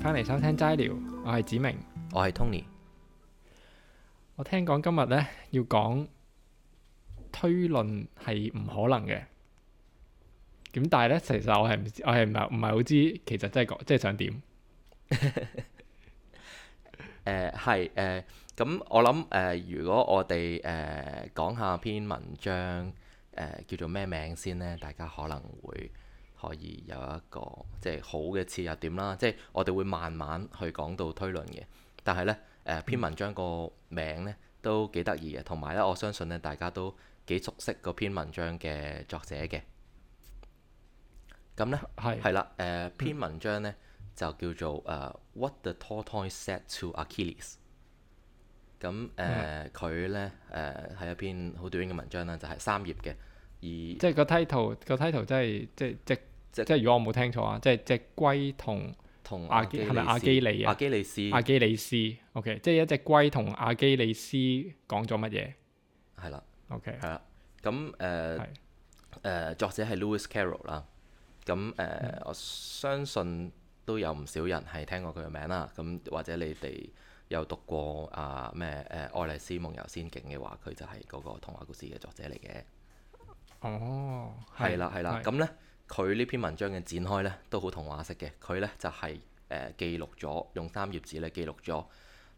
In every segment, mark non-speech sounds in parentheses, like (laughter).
翻嚟收聽齋聊，我係梓明，我係 Tony。我聽講今日咧要講推論係唔可能嘅，咁但係咧其實我係唔我係唔係唔係好知，其實真係講真係想點？誒係誒，咁、呃、我諗誒、呃，如果我哋誒、呃、講下篇文章誒、呃、叫做咩名先咧，大家可能會。可以有一個即係好嘅切入點啦，即係我哋會慢慢去講到推論嘅。但係呢誒、呃、篇文章個名呢都幾得意嘅，同埋呢我相信呢大家都幾熟悉嗰篇文章嘅作者嘅。咁呢係係啦，誒篇文章呢就叫做誒 What the Tortoise Said to Achilles。咁誒佢呢誒係、呃、一篇好短嘅文章啦，就係、是、三頁嘅。而即係個 title，個 title 真係即係即。即係如果我冇聽錯啊，即隻龜同同阿基係咪阿基利啊？阿基里斯阿基里斯，OK，即係一隻龜同阿基里斯講咗乜嘢？係啦，OK，係啦。咁誒誒，作者係 Lewis Carroll 啦。咁誒，我相信都有唔少人係聽過佢嘅名啦。咁或者你哋有讀過啊咩誒《愛麗絲夢遊仙境》嘅話，佢就係嗰個童話故事嘅作者嚟嘅。哦，係啦，係啦。咁咧。佢呢篇文章嘅展開呢都好童話式嘅。佢呢就係、是、誒、呃、記錄咗，用三頁紙咧記錄咗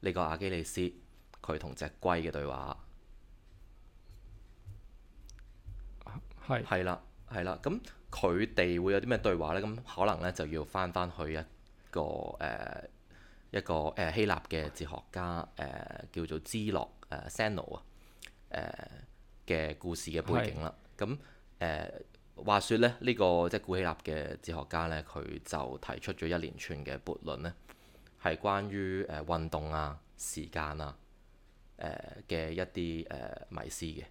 呢個阿基里斯佢同隻龜嘅對話。係係啦，係啦。咁佢哋會有啲咩對話呢？咁可能呢就要返返去一個誒、呃、一個誒希臘嘅哲學家誒、呃、叫做芝、呃、諾誒 s a n o 啊嘅故事嘅背景啦。咁誒是。話說咧，呢、這個即係、就是、古希臘嘅哲學家咧，佢就提出咗一連串嘅悖論咧，係關於誒、呃、運動啊、時間啊、誒、呃、嘅一啲誒、呃、迷思嘅。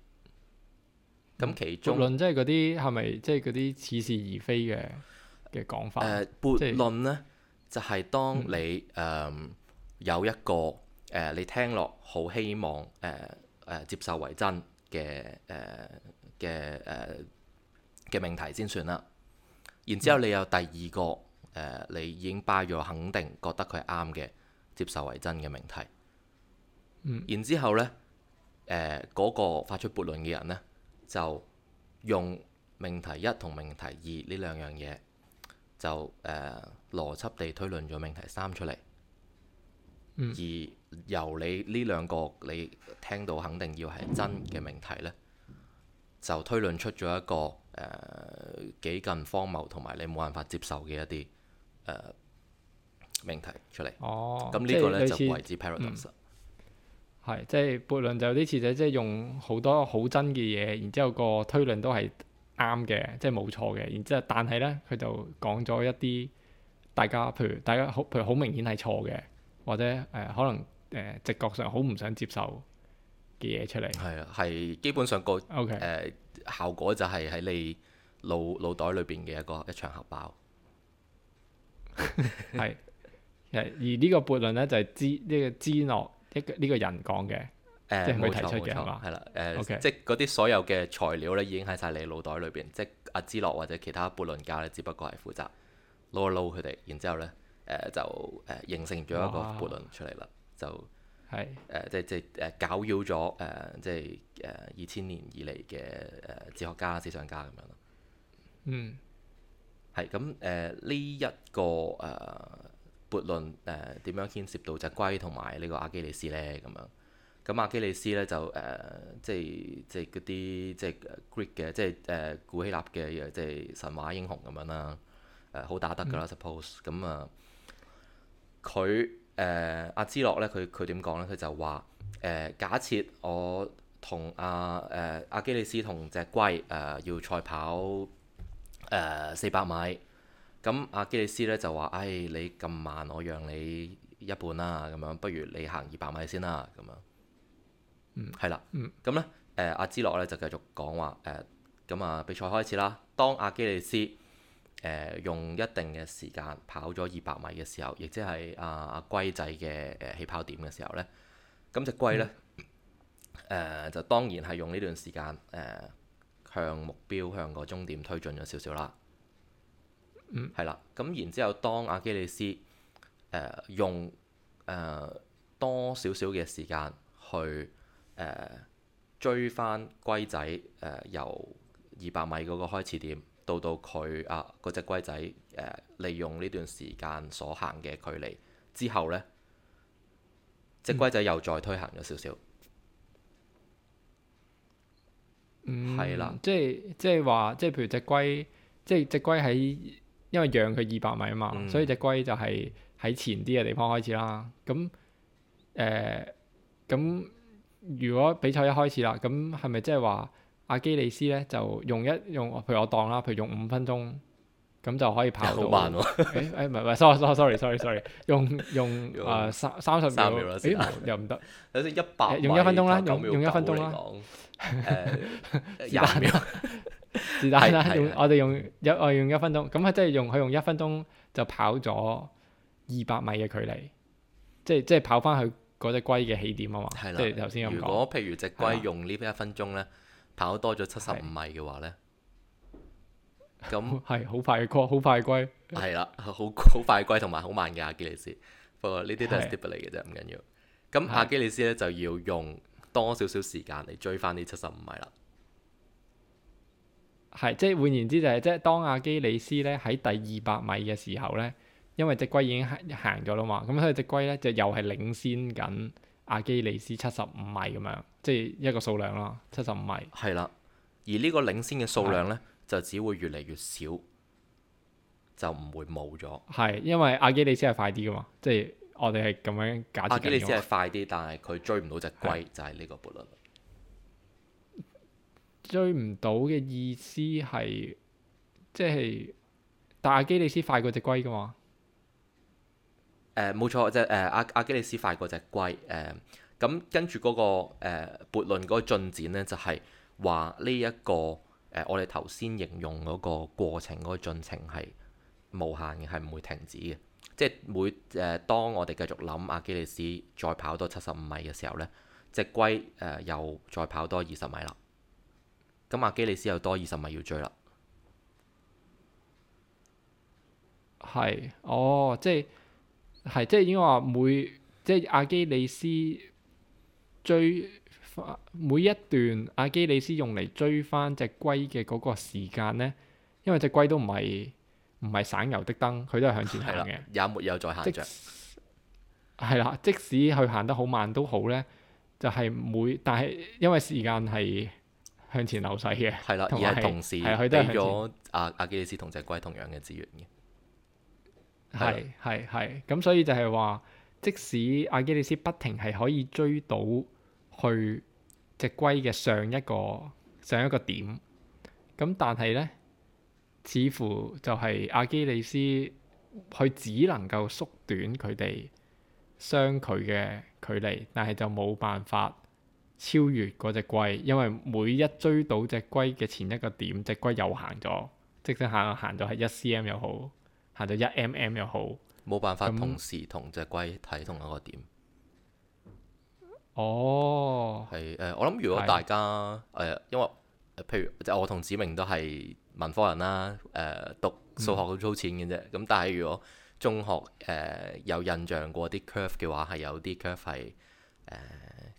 咁、嗯、其中悖論即係嗰啲係咪即係嗰啲似是而非嘅嘅講法？誒悖、呃、論咧，是就係當你誒有一個誒、嗯呃、你聽落好希望誒誒、呃呃、接受為真嘅誒嘅誒。呃呃呃呃呃呃呃呃嘅命題先算啦，然之後你有第二個誒、嗯呃，你已經擺咗肯定，覺得佢啱嘅，接受為真嘅命題。嗯、然之後咧，誒、呃、嗰、那個發出悖論嘅人咧，就用命題一同命題二呢兩樣嘢，就誒邏輯地推論咗命題三出嚟。嗯、而由你呢兩個你聽到肯定要係真嘅命題咧，就推論出咗一個。誒幾、uh, 近荒謬同埋你冇辦法接受嘅一啲命、呃、題出嚟，咁、哦、呢個咧就為之 paradox，係、嗯、了即係悖論就有啲似，就即係用好多好真嘅嘢，然之後個推論都係啱嘅，即係冇錯嘅。然之後，但係咧佢就講咗一啲大家譬如大家好譬如好明顯係錯嘅，或者誒、呃、可能誒、呃、直覺上好唔想接受嘅嘢出嚟。係啊，係基本上個 O K 誒。Okay. 效果就係喺你腦腦袋裏邊嘅一個一場核爆，係 (laughs) 係 (laughs) 而個呢個悖論咧就係芝呢個芝諾一個呢個人講嘅、呃，冇錯、冇錯，即係佢提出嘅啦，誒即係嗰啲所有嘅材料咧已經喺晒你腦袋裏邊，即係阿芝諾或者其他悖論家咧，只不過係負責撈一撈佢哋，然之後咧誒、呃、就誒形成咗一個悖論出嚟啦，oh. 就。係誒、 (noise) 就是呃，即係即係誒，攪擾咗誒，即係誒二千年以嚟嘅誒哲學家、思想家咁樣咯、嗯。嗯，係咁誒呢一個誒悖論誒點樣牽涉到隻龜同埋呢個阿基里斯咧咁樣。咁阿基里斯咧就誒即係即係嗰啲即係 Greek 嘅即係誒古希臘嘅即係神話英雄咁樣、嗯、啦。誒好打得㗎啦，suppose 咁啊佢。嗯。誒阿、呃、芝諾咧，佢佢點講咧？佢就話誒、呃、假設我同阿誒阿基里斯同隻龜誒、呃、要賽跑誒四百米，咁、呃、阿基里斯咧就話：唉、哎，你咁慢，我讓你一半啦、啊，咁樣不如你行二百米先啦，咁樣。嗯。係啦。嗯。咁咧，誒阿芝諾咧就繼續講話誒，咁、呃、啊、呃呃、比賽開始啦。當阿基里斯誒、呃、用一定嘅時間跑咗二百米嘅時候，亦即係阿阿龜仔嘅誒、呃、起跑點嘅時候咧，咁隻龜咧誒、嗯呃、就當然係用呢段時間誒、呃、向目標向個終點推進咗少少啦。嗯。係啦，咁然之後，當阿基里斯誒、呃、用誒、呃、多少少嘅時間去誒、呃、追翻龜仔誒、呃、由二百米嗰個開始點。到到佢啊，嗰隻龜仔誒、呃，利用呢段時間所行嘅距離之後咧，隻龜仔又再推行咗少少。嗯，係啦，即係即係話，即係譬如隻龜，即係隻龜喺因為讓佢二百米啊嘛，嗯、所以隻龜就係喺前啲嘅地方開始啦。咁誒，咁、呃、如果比賽一開始啦，咁係咪即係話？阿基里斯咧就用一用，譬如我當啦，譬如用五分鐘咁就可以跑到。好慢喎！唔係唔係，sorry sorry sorry sorry，用用啊三三十秒啦，又唔得，用一分鐘啦，用一分鐘啦。廿秒，是但啦，我哋用一我用一分鐘，咁啊即係用佢用一分鐘就跑咗二百米嘅距離，即係即係跑翻去嗰隻龜嘅起點啊嘛。係啦，頭先咁講。如果譬如隻龜用呢一分鐘咧？跑多咗七十五米嘅話呢，咁係好快嘅龜，好快嘅龜係啦，好好快嘅龜同埋好慢嘅阿基里斯。不過呢啲都係 step 嚟嘅啫，唔緊要。咁阿基里斯咧就要用多少少時間嚟追翻呢七十五米啦。係，即係換言之就係、是，即係當阿基里斯咧喺第二百米嘅時候呢，因為隻龜已經行咗啦嘛，咁所以隻龜呢，就又係領先緊。阿基里斯七十五米咁樣，即係一個數量啦，七十五米。係啦，而呢個領先嘅數量咧，就只會越嚟越少，就唔會冇咗。係，因為阿基里斯係快啲噶嘛，即係我哋係咁樣假設。阿基里斯係快啲，但係佢追唔到隻龜，的就係呢個悖論。追唔到嘅意思係，即係，但阿基里斯快過隻龜噶嘛？誒冇，呃、錯，就係誒阿阿基里斯快過隻龜。誒、呃、咁跟住嗰、那個誒悖、呃、論嗰個進展咧，就係話呢一個誒、呃、我哋頭先形容嗰個過程嗰個進程係無限嘅，係唔會停止嘅。即係每誒、呃，當我哋繼續諗阿基里斯再跑多七十五米嘅時候咧，隻龜誒、呃、又再跑多二十米啦。咁阿基里斯又多二十米要追啦。係，哦，即係。係，即係應該話每，即係阿基里斯追翻每一段阿基里斯用嚟追翻隻龜嘅嗰個時間咧，因為隻龜都唔係唔係省油的燈，佢都係向前行嘅，也沒有再行。降。係啦，即使佢行得慢好慢都好咧，就係、是、每，但係因為時間係向前流逝嘅，係啦的，是而係同時俾咗阿阿基里斯同隻龜同樣嘅資源嘅。係，係，係，咁所以就係話，即使阿基里斯不停係可以追到去隻龜嘅上一個上一個點，咁但係咧，似乎就係阿基里斯佢只能夠縮短佢哋相距嘅距離，但係就冇辦法超越嗰隻龜，因為每一追到隻龜嘅前一個點，隻龜又行咗，即使行行咗係一 cm 又好。或一 mm 又好，冇辦法同時同隻龜睇同一個點。哦，係誒、呃，我諗如果大家誒是、呃，因為譬如即係我同子明都係文科人啦，誒、呃、讀數學好粗淺嘅啫。咁、嗯、但係如果中學誒、呃、有印象過啲 curve 嘅話，係有啲 curve 係誒、呃、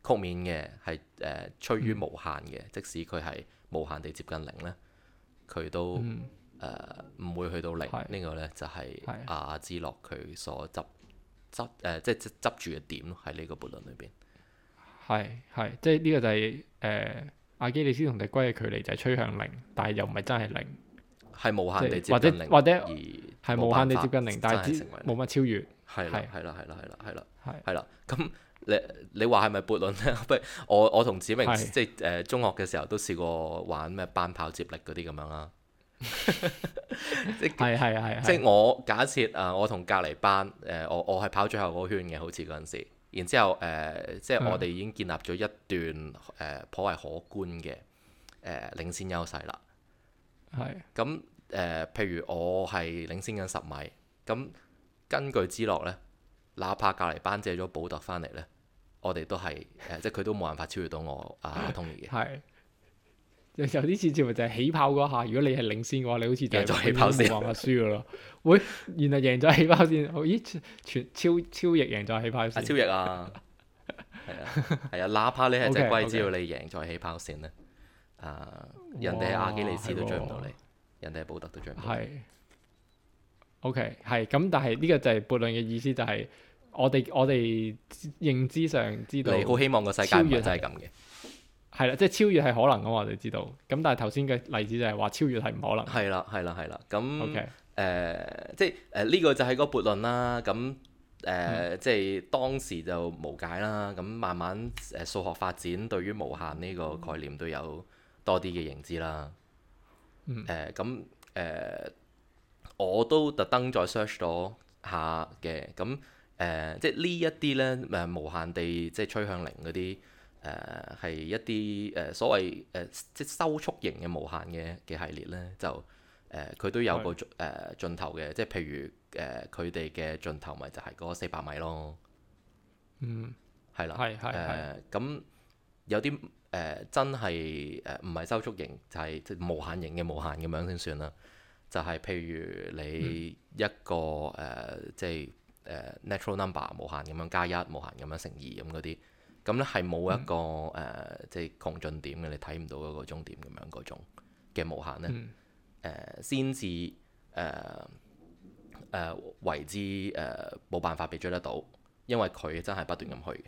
曲面嘅，係誒、呃、趨於無限嘅，嗯、即使佢係無限地接近零咧，佢都，嗯誒唔、呃、會去到零，呢個咧就係阿之諾佢所執執誒、呃，即係執住嘅點喺呢個悖論裏邊。係係，即係呢個就係誒阿基里斯同鴨龜嘅距離就係趨向零，但係又唔係真係零，係無限地接近零，或者而係無限地接近零，但係冇乜超越。係啦係啦係啦係啦係啦係啦，咁你你話係咪悖論咧？不如、啊啊啊啊啊啊啊啊啊、我我同子明即係誒中學嘅時候都試過玩咩班跑接力嗰啲咁樣啦。 (laughs) 即係即係我假設啊，我同隔籬班誒、呃，我我係跑最後嗰圈嘅，好似嗰陣時，然之後誒、呃，即係我哋已經建立咗一段誒、呃、頗為可觀嘅誒、呃、領先優勢啦。係、嗯。咁誒是、呃，譬如我係領先緊十米，咁根據之落呢，哪怕隔籬班借咗保特翻嚟，呢我哋都係、呃、即係佢都冇辦法超越到我 (laughs) 啊，同意嘅。 (laughs) 有啲似，似咪就係起跑嗰下。如果你係領先嘅話，你好似就贏咗起跑線。輸嘅咯。會，原來贏咗起跑線。咦？全超超翼贏咗起跑線。超翼啊，係 (laughs) 啊，係啊。哪怕你係隻龜，只要 Okay, okay. 你贏咗起跑線咧，啊、呃，哇人哋阿基里斯都追唔到你，的人哋保特都追唔到。係。OK，係咁，但係呢個就係悖論嘅意思就，就係我哋我哋認知上知道。 (laughs) 你好希望個世界就係咁嘅。係啦，即係超越係可能噶嘛？我哋知道。咁但係頭先嘅例子就係話超越係唔可能。係啦，係啦，係啦。咁誒 Okay.、呃，即係誒呢個就係個悖論啦。咁、呃、誒，即係、呃呃、當時就無解啦。咁慢慢誒數、呃、學發展對於無限呢個概念都有多啲嘅認知啦、mm hmm. 呃。嗯。咁、呃、誒，我都特登再 search 咗下嘅。咁誒、呃，即係呢一啲咧，誒、呃、無限地即係趨向零嗰啲。誒係、呃、一啲誒、呃、所謂誒、呃、即收縮型嘅無限嘅嘅系列咧，就誒佢都有個誒盡頭嘅，即係譬如誒佢哋嘅盡頭咪就係嗰四百米咯。嗯，係啦。係係係咁有啲誒、呃、真係誒唔係收縮型，就係、是、即無限型嘅無限咁樣先算啦。就係、是、譬如你一個誒、嗯呃、即係誒、呃、natural number 無限咁樣加一，無限咁樣乘二咁嗰啲。成 2, 成 2, 那那咁咧係冇一個誒、嗯呃，即係窮盡點嘅，你睇唔到嗰個終點咁樣嗰種嘅無限咧誒，先至誒誒為之誒冇、呃、辦法被追得到，因為佢真係不斷咁去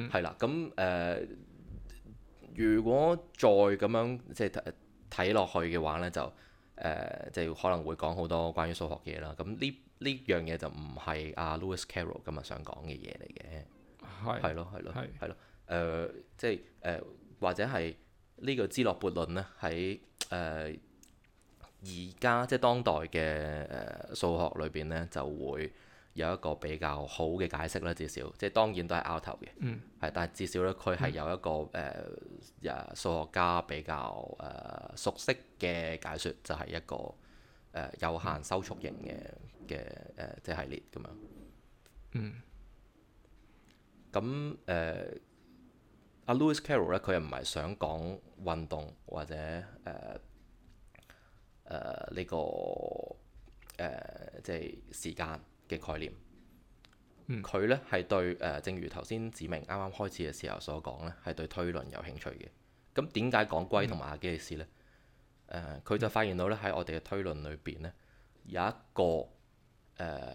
嘅。係啦、嗯，咁誒、呃，如果再咁樣即係睇落去嘅話咧，就誒即係可能會講好多關於數學嘢啦。咁呢呢樣嘢就唔係阿、啊、Lewis Carroll 今日想講嘅嘢嚟嘅。係係咯係咯係咯誒即係誒、呃、或者係、這個、呢個芝諾悖論咧喺誒而家即係當代嘅誒數學裏邊咧就會有一個比較好嘅解釋啦，至少即係當，當然都係拗頭嘅，係、嗯、但係至少咧佢係有一個誒誒數學家比較誒、呃、熟悉嘅解説，就係、是、一個誒、呃、有限收束型嘅嘅誒即係系列咁樣。嗯。嗯咁誒阿 Lewis Carroll 咧，佢又唔係想講運動或者誒誒呢個誒，即、呃、係、就是、時間嘅概念。佢咧係對誒、呃，正如頭先梓明啱啱開始嘅時候所講咧，係對推論有興趣嘅。咁點解講龜同埋阿基里斯咧？誒、嗯，佢、呃、就發現到咧喺我哋嘅推論裏邊咧有一個誒、呃、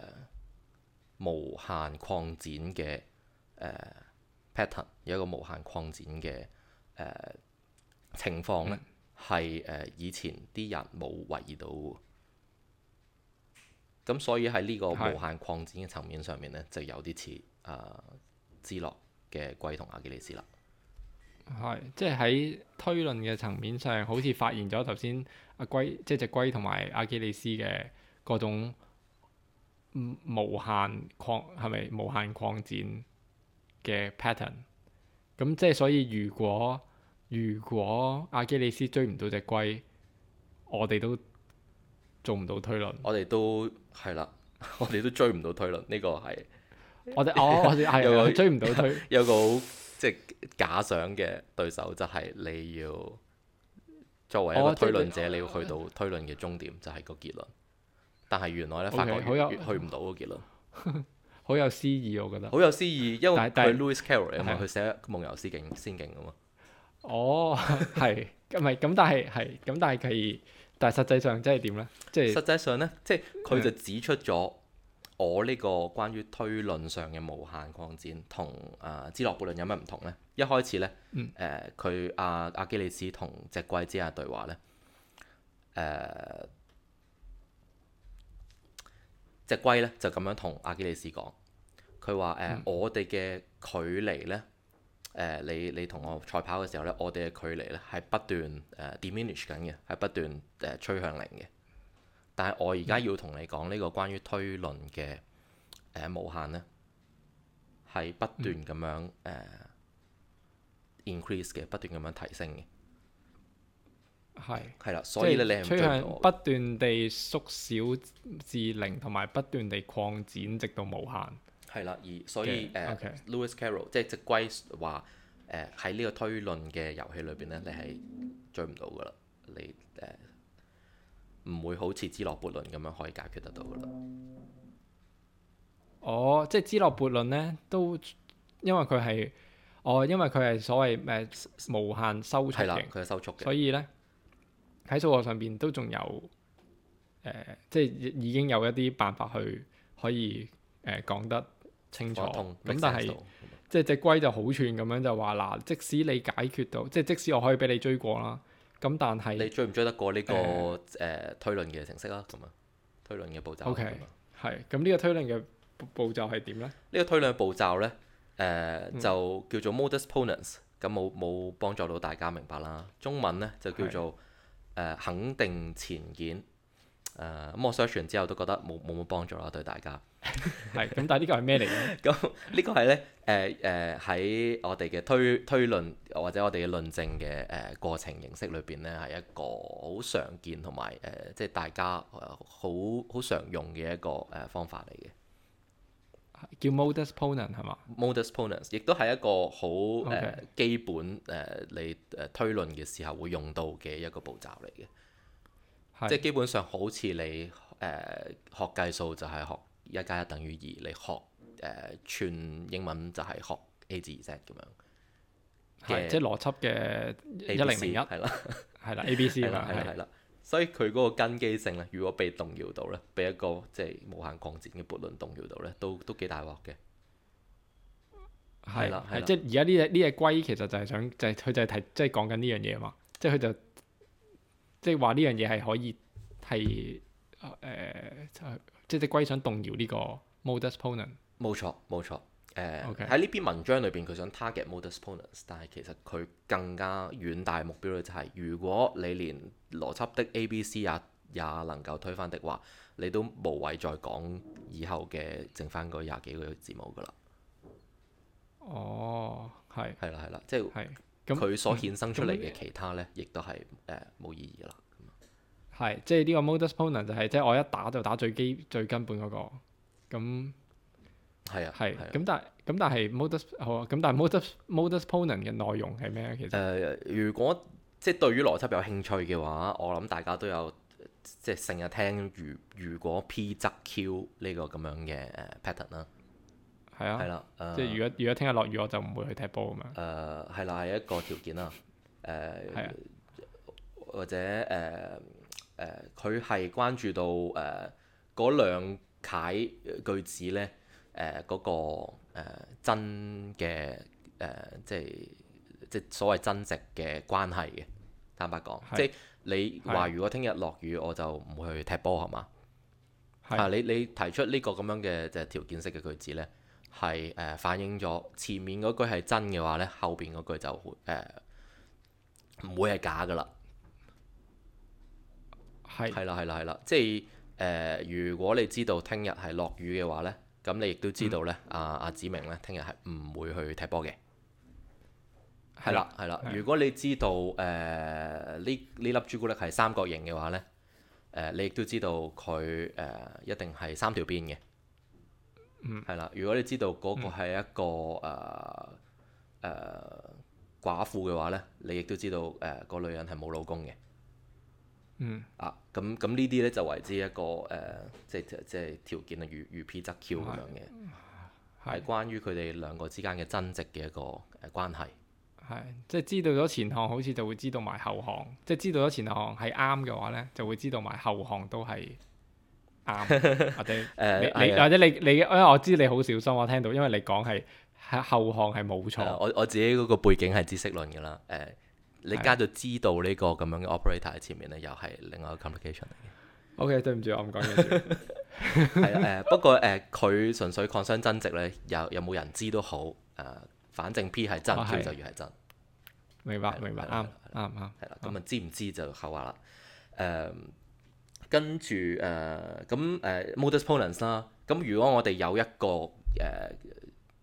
無限擴展嘅。誒、uh, pattern 有一個無限擴展嘅誒、uh, 情況咧，係誒、嗯呃、以前啲人冇懷疑到，咁所以喺呢個無限擴展嘅層面上面咧，是就有啲似啊芝諾嘅龜同阿基里斯啦。係即係喺推論嘅層面上，好似發現咗頭先阿龜即係隻龜同埋阿基里斯嘅嗰種無限擴係咪無限擴展？嘅 pattern，咁即係所以如，如果如果阿基里斯追唔到隻龜，我哋都做唔到推論，我哋都係啦， (laughs) 我哋都追唔到推論呢、呢個係我哋哦，我哋係追唔到推。 (laughs) 有個好即係假想嘅對手，就係、是、你要作為一個推論者， (laughs) 你要去到推論嘅終點就係、是、個結論，但係原來咧，okay, 發覺有去唔到個結論。 (laughs) 好有詩意，我覺得。好有詩意，因為佢 Lewis Carroll 啊佢寫《夢遊仙境》仙境噶嘛。哦，係，唔係咁，但係係，咁但係佢，但係實際上即係點咧？即係實際上咧，即係佢就指出咗我呢個關於推論上嘅無限擴展、呃、同啊芝諾悖論有咩唔同咧？一開始咧，誒佢阿阿基里斯同隻龜之間對話咧，誒、呃。隻龜咧就咁樣同阿基里斯講，佢話誒我哋嘅距離咧，誒、呃、你你同我賽跑嘅時候咧，我哋嘅距離咧係不斷誒 diminish 緊嘅，係、呃、不斷誒趨向零嘅。但係我而家要同你講呢、嗯、個關於推論嘅誒無限咧，係不斷咁樣誒、嗯 uh, increase 嘅，不斷咁樣提升嘅。係係啦，即係趨向不斷地縮小至零，同埋不斷地擴展直到無限。係啦，而所以誒，OK，Lewis Carroll 即係隻龜話誒喺呢個推論嘅遊戲裏邊咧，你係追唔到噶啦，你誒唔會好似芝諾悖論咁樣可以解決得到噶啦。哦，即係芝諾悖論咧，都因為佢係哦，因為佢係所謂誒、呃、無限收束嘅，係啦，佢係收束嘅，所以咧。喺數學上邊都仲有誒、呃，即係已經有一啲辦法去可以誒、呃、講得清楚。咁、啊、但係但，嗯、即係隻龜就好串咁樣就話嗱，即使你解決到，即係即使我可以俾你追過啦，咁但係你追唔追得過呢、這個誒推論嘅程式啦？咁啊、呃呃，推論嘅步驟。OK，係咁呢個推論嘅步驟係點咧？呢個推論嘅步驟咧，誒、呃、就叫做 modus ponens、嗯。咁冇冇幫助到大家明白啦？中文咧就叫做。誒、呃、肯定前件，誒、呃、咁我 search 完之後都覺得冇冇乜幫助啦，對大家係。咁 (laughs) (laughs) 但係 (laughs) (laughs) 呢個係咩嚟嘅？咁呢個係咧誒誒喺我哋嘅推推論或者我哋嘅論證嘅誒、呃、過程形式裏邊咧係一個好常見同埋誒即係大家好好常用嘅一個誒方法嚟嘅。叫 modus ponens 係嘛？modus ponens 亦都係一個好誒、呃、基本誒、呃、你誒、呃、推論嘅時候會用到嘅一個步驟嚟嘅，是即係基本上好似你誒、呃、學計數就係學一加一等於二，你學誒串、呃、英文就係學 A 至 Z 咁樣嘅，即係邏輯嘅一零零一係啦，係啦 A B C 啦，係啦。所以佢嗰個根基性咧，如果被動搖到咧，被一個即係、就是、無限擴展嘅悖論動搖到咧，都都幾大鑊嘅。係啦是，係即係而家呢隻呢隻龜其實就係想就係、是、佢就係提即係、就是、講緊呢樣嘢啊嘛，即係佢就即係話呢樣嘢係可以係誒即係隻龜想動搖呢個 modus ponens。冇錯，冇錯。誒喺呢篇文章裏邊，佢想 target modus ponens，但係其實佢更加遠大目標咧，就係如果你連邏輯的 A、B、C 也也能夠推翻的話，你都無謂再講以後嘅剩翻嗰廿幾個字母噶啦。哦，係。係啦，係啦，即係佢所衍生出嚟嘅其他咧，亦都係誒冇意義啦。係、嗯，即係呢個 modus ponens 就係、是、即係我一打就打最基最根本嗰、那個咁。係啊，係咁但係咁但係 modus 好啊，咁但係 modus modus ponens 嘅內容係咩？其實誒、呃，如果即係對於邏輯有興趣嘅話，我諗大家都有即係成日聽如如果 P 則 Q 呢個咁樣嘅誒 pattern 啦，係啊，係啦、啊，嗯、即係如果如果聽日落雨，我就唔會去踢波啊嘛。誒、呃，係啦、啊，係一個條件啦。誒，係啊，呃、啊或者誒誒，佢、呃、係、呃、關注到誒嗰兩楷句子咧。誒嗰、呃那個、呃、真嘅誒、呃，即係即係所謂真值嘅關係嘅，坦白講，是即係你話如果聽日落雨，我就唔會去踢波，係嘛？是啊，你你提出呢個咁樣嘅即係條件式嘅句子咧，係誒、呃、反映咗前面嗰句係真嘅話咧，後邊嗰句就誒唔會係、呃、假噶啦。係係啦係啦係啦，即係誒、呃，如果你知道聽日係落雨嘅話咧。咁你亦都知道呢，阿阿、嗯啊、子明呢，聽日係唔會去踢波嘅，係啦係啦。如果你知道誒呢呢粒朱古力係三角形嘅話呢，誒你亦都知道佢誒一定係三條邊嘅，嗯、呃，係啦。如果你知道嗰個係一個誒誒寡婦嘅話呢，你亦都知道誒個女人係冇老公嘅。嗯啊，咁咁呢啲咧就為之一個誒、呃，即係即係條件啊，如如 p 則 q 咁樣嘅，係、嗯、關於佢哋兩個之間嘅真值嘅一個誒關係。係，即係知道咗前項，好似就會知道埋後項。即係知道咗前項係啱嘅話咧，就會知道埋後項都係啱，或者誒你或者你你，因為我知你好小心，我聽到，因為你講係係後項係冇錯，呃、我我自己嗰個背景係知識論嘅啦，誒、嗯。你加咗知道呢個咁樣嘅 operator 喺前面咧，又係另外一個 complication 嚟嘅。O K，okay，對唔住，我唔講嘢。係啦、呃，不過誒，佢、呃、純粹擴商增值咧，有有冇人知都好，誒、呃，反正 P 係真、啊，P 就是越係真。明白，哎、明白，啱啱啱，係啦。咁啊，知唔知就後話啦。誒，跟住誒，咁誒 modus ponens 啦。咁如果我哋有一個誒。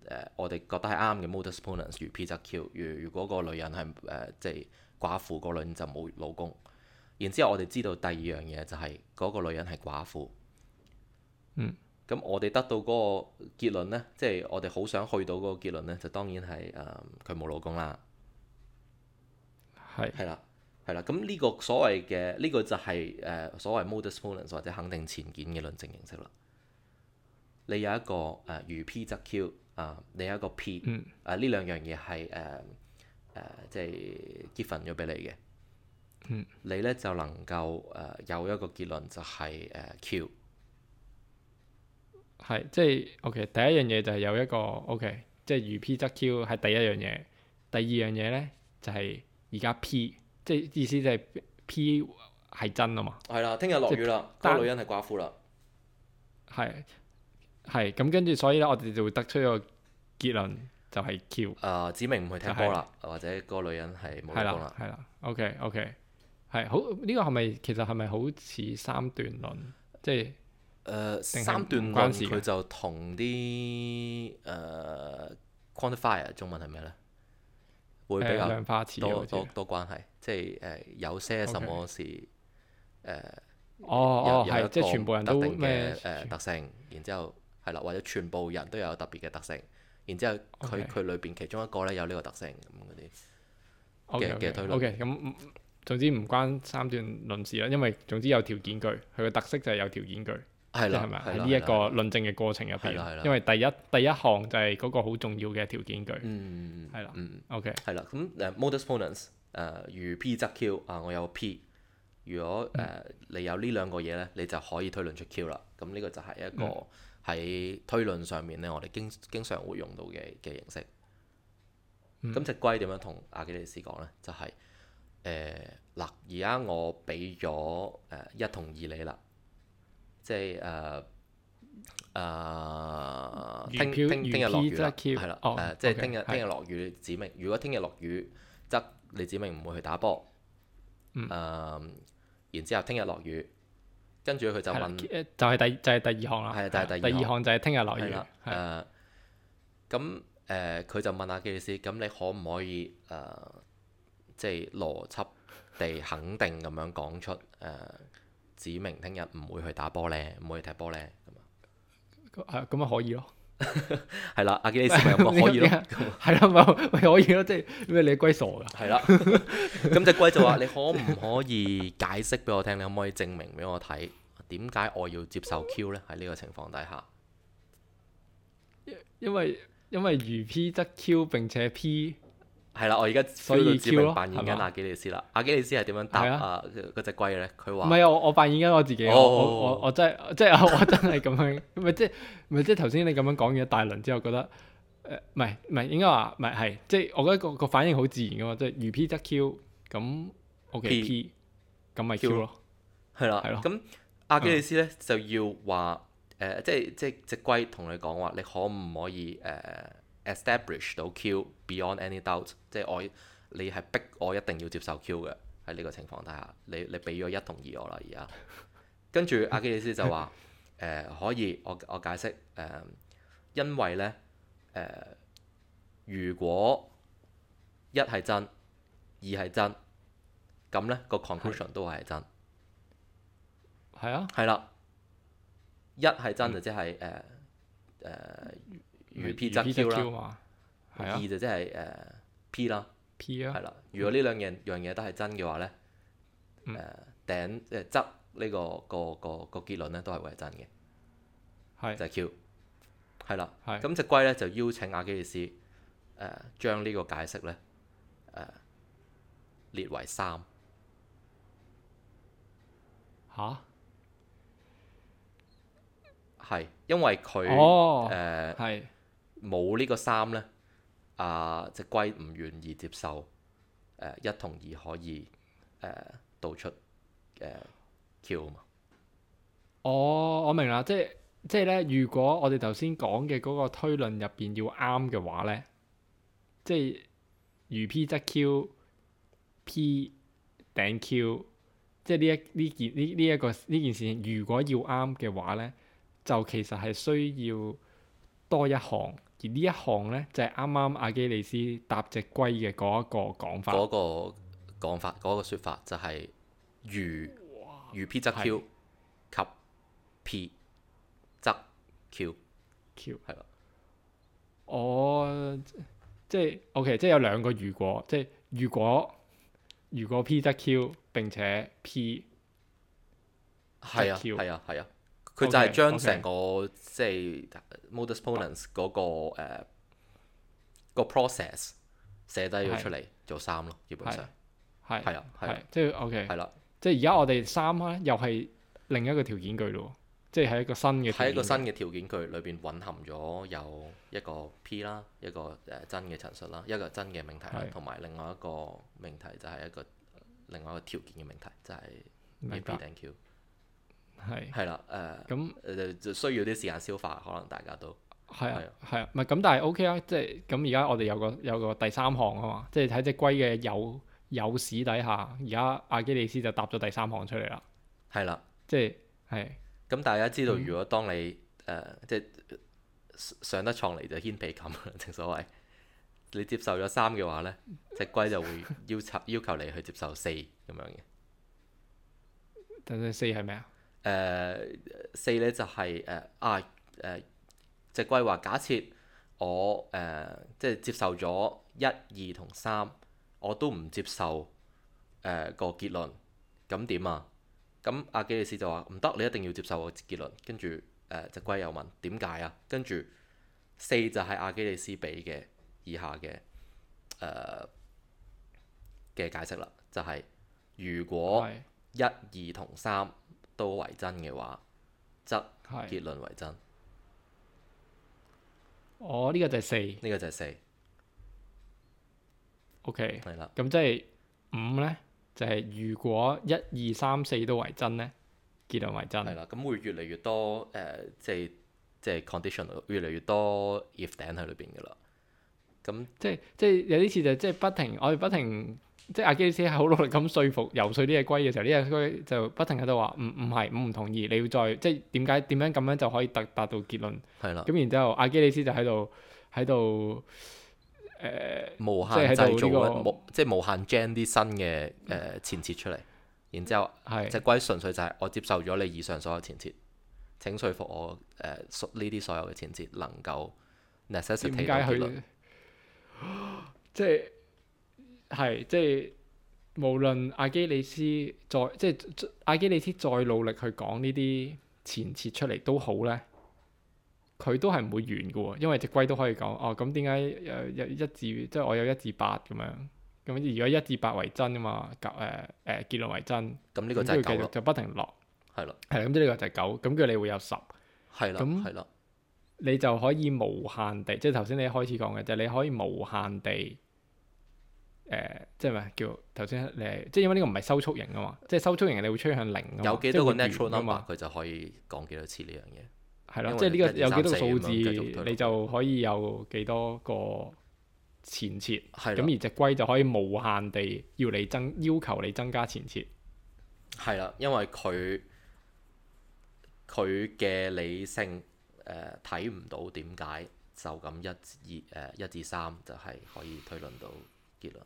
誒，我哋覺得係啱嘅。Modus ponens，如 P 則 Q。如果個女人係誒，即、呃、係、就是、寡婦，嗰個女人就冇老公。然之後，我哋知道第二樣嘢就係、是、嗰、那個女人係寡婦。嗯。咁我哋得到嗰個結論咧，即、就、係、是、我哋好想去到嗰個結論咧，就當然係誒，佢、呃、冇老公啦。係是。係啦，係啦。咁呢個所謂嘅，呢、這個就係、是、誒、呃、所謂 modus ponens 或者肯定前件嘅論證形式啦。你有一個誒、呃，如 P 則 Q。啊，uh, 你有一個 P，啊呢兩樣嘢係誒誒，即係 given 咗俾你嘅，嗯，uh, uh, uh, 你咧、嗯、就能夠誒、uh, 有一個結論就係、是、誒、uh, Q，係即係 OK，第一樣嘢就係有一個 OK，即係如 P 則 Q 係第一樣嘢，第二樣嘢咧就係而家 P，即係意思就係 P 係真啊嘛，係啦，聽日落雨啦，是個女人係寡婦啦，係。係咁，跟住所以咧，我哋就會得出一個結論，就係 Q。誒，梓明唔去踢波啦，或者個女人係冇得講啦。係啦，OK，OK，係好，呢個係咪其實係咪好似三段論？即係誒三段論嗰時，佢就同啲誒 quantifier 中文係咩咧？會比較多多多關係，即係誒有些什麼事誒？哦哦，即係全部人都嘅誒特性，然之後。係啦，或者全部人都有特別嘅特性，然之後佢佢裏邊其中一個咧有呢個特性，咁嗰啲嘅嘅推論。OK，咁總之唔關三段論事啦，因為總之有條件句，佢嘅特色就係有條件句，即係咪喺呢一個論證嘅過程入邊？因為第一第一項就係嗰個好重要嘅條件句。嗯嗯，係啦。嗯，OK。係啦，咁 modus ponens 誒，如 P 則 Q 啊，我有 P，如果誒你有呢兩個嘢咧，你就可以推論出 Q 啦。咁呢個就係一個。喺推論上面咧，我哋經經常會用到嘅嘅形式。咁隻龜點樣同阿基里斯講咧？就係誒嗱，而、呃、家我俾咗誒一同二你啦，即係誒誒，聽聽聽日落雨啦，係啦了，誒即係聽日聽日落雨，子明如果聽日落雨，則你指明唔會去打波。嗯,嗯。然之後聽日落雨。跟住佢就問，就係、是、第就係、是、第二項啦。係啊，就係、是、第二項。第二項就係聽日落雨。係啦的，誒咁誒，佢、呃呃、就問阿基里斯，咁你可唔可以誒、呃，即係邏輯地肯定咁樣講出誒、呃，指明聽日唔會去打波咧，唔會去踢波咧咁啊？係咁咪可以咯。係啦， (laughs) 阿基里斯你認為可以咯？係啦，咪可以咯，即係咩？你龜傻噶？係啦，咁隻龜就話：你可唔可以解釋俾我聽？你可唔可以證明俾我睇？點解我要接受 Q 咧？喺呢個情況底下，因因為因為如 P 則 Q，並且 P。係啦，我而家所以字幕扮演緊阿基里斯啦。阿基里斯係點樣答啊？嗰隻龜咧？佢話唔係啊，我我扮演緊我自己。我我真係即係我真係咁樣。唔係即係咪即係頭先你咁樣講嘅大輪之後，覺得誒唔係唔係應該話唔係係即係我覺得個個反應好自然㗎嘛。即係如 P 得 Q 咁 O K P 咁咪 Q 咯。係啦，係咯。咁阿基里斯咧就要話誒，即係即係隻龜同你講話，你可唔可以誒？Establish 到 Q beyond any doubt，即係我你係逼我一定要接受 Q 嘅，喺呢個情況底下，你你俾咗一同二我啦，而家跟住阿基里斯就話誒、 (laughs) 呃、可以，我我解釋誒、呃，因為咧誒、呃，如果一係真，二係真，咁咧、這個 conclusion 都係真，係啊 (laughs) 的，係啦，一係真就即係誒誒。呃呃如 P 則 Q 啦，二、啊、就即係誒 P 啦，係、啊、啦。如果呢兩樣嘢都係真嘅話咧，誒頂誒則呢個、呢個、呢個、呢個結論咧都係為真嘅，係是就係 Q 係啦。咁隻是龜咧就邀請阿基里斯誒、呃、將呢個解釋咧誒、呃、列為三嚇係，因為佢誒係。哦呃冇呢個三呢、呃，啊隻龜唔願意接受、呃、一同二可以誒導、呃、出誒、呃、Q 嘛？哦，我明啦，即係即係呢。如果我哋頭先講嘅嗰個推論入邊要啱嘅話呢，即係如 P 則 Q，P 頂 Q，即係呢一呢件呢呢一個呢件事情，如果要啱嘅話呢，就其實係需要多一行。而呢一行咧，就係啱啱阿基里斯搭隻龜嘅嗰一個講法。嗰個講法，嗰、嗰個說法就係如哇如 p 則 q 是及 p 則 q，q 係咯。吧我，即係 OK，即係有兩個如果，即係如果如果 p 則 q 並且 p，係啊，係啊，係啊。佢就係將成個即係 modus ponens 嗰個誒 process 寫低咗出嚟做三咯，基本上係係啦，係即係 OK 係啦。即係而家我哋三咧又係另一個條件句咯，即係喺一個新嘅喺一個新嘅條件句裏邊隱含咗有一個 P 啦，一個誒真嘅陳述啦，一個真嘅命題啦，同埋另外一個命題就係一個另外一個條件嘅命題，就係 if p then q。係係啦，誒咁誒就需要啲時間消化，可能大家都係啊，係啊的，唔係咁，但係 O K 啊，即係咁而家我哋有個有個第三項啊嘛，即係喺隻龜嘅有有史底下，而家阿基里斯就搭咗第三項出嚟啦。係啦的，即係係咁，嗯、大家知道，如果當你誒、呃、即係上得牀嚟就掀被冚，正所謂你接受咗三嘅話咧， (laughs) 隻龜就會要求要求你去接受四咁樣嘅。等陣，四係咩啊？呃、四咧就係、是、誒、呃、啊誒隻龜話假設我誒、呃、即係接受咗一二同三，我都唔接受誒、呃、個結論，咁點啊？咁阿基里斯就話唔得，你一定要接受個結論。跟住誒隻龜又問點解啊？跟住四就係阿基里斯俾嘅以下嘅誒嘅解釋啦，就係、是、如果一二同三，都為真嘅話，則結論為真。哦，呢個就係四。呢個就係四。OK。係啦。咁即係五咧，就係如果一二三四都為真咧，結論為真。係啦。咁會越嚟越多誒，即係即係 conditional 越嚟越多 if then 喺裏邊噶啦。咁即係即係有啲似就即係不停，我哋不停。即係阿基里斯係好努力咁說服游說呢隻龜嘅時候，呢隻龜就不停喺度話，唔唔係，我、嗯、唔、嗯、同意，你要再即係點解點樣咁樣就可以達達到結論？係啦。咁然之後，後阿基里斯就喺度喺度誒，呃、無限製造、呃、即係、這個、無限 gen 啲新嘅誒、呃、前設出嚟。然之後隻龜是的 純粹就係我接受咗你以上所有前設，請說服我誒、呢、呃、啲所有嘅前設能夠 necessitating。點解去？即係。即係，即係無論阿基里斯再即係阿基里斯再努力去講呢啲前設出嚟都好咧，佢都係唔會完嘅喎，因為隻龜都可以講哦。咁點解有一一至即係我有一至八咁樣？咁如果一至八為真啊嘛，格誒誒結論為真。咁呢個就係九，繼續就不停落，係咯，係咯，係咁即係呢個就係九。咁跟住你會有十，係咯，係咯，你就可以無限地，即係頭先你一開始講嘅，就你可以無限地。誒、呃，即係咪？叫頭先？誒、呃，即係因為呢個唔係收縮型啊嘛，即係收縮型你會趨向零。有幾多個 natural number，佢就可以講幾多次呢樣嘢？係咯的，因為 即係呢個有幾多數字 3, 4, 4, 5，你就可以有幾多個前設。咁的而隻龜就可以無限地要你增，要求你增加前設。係啦，因為佢佢嘅理性誒睇唔到點解就咁一二誒、呃、一至三就係可以推論到結論。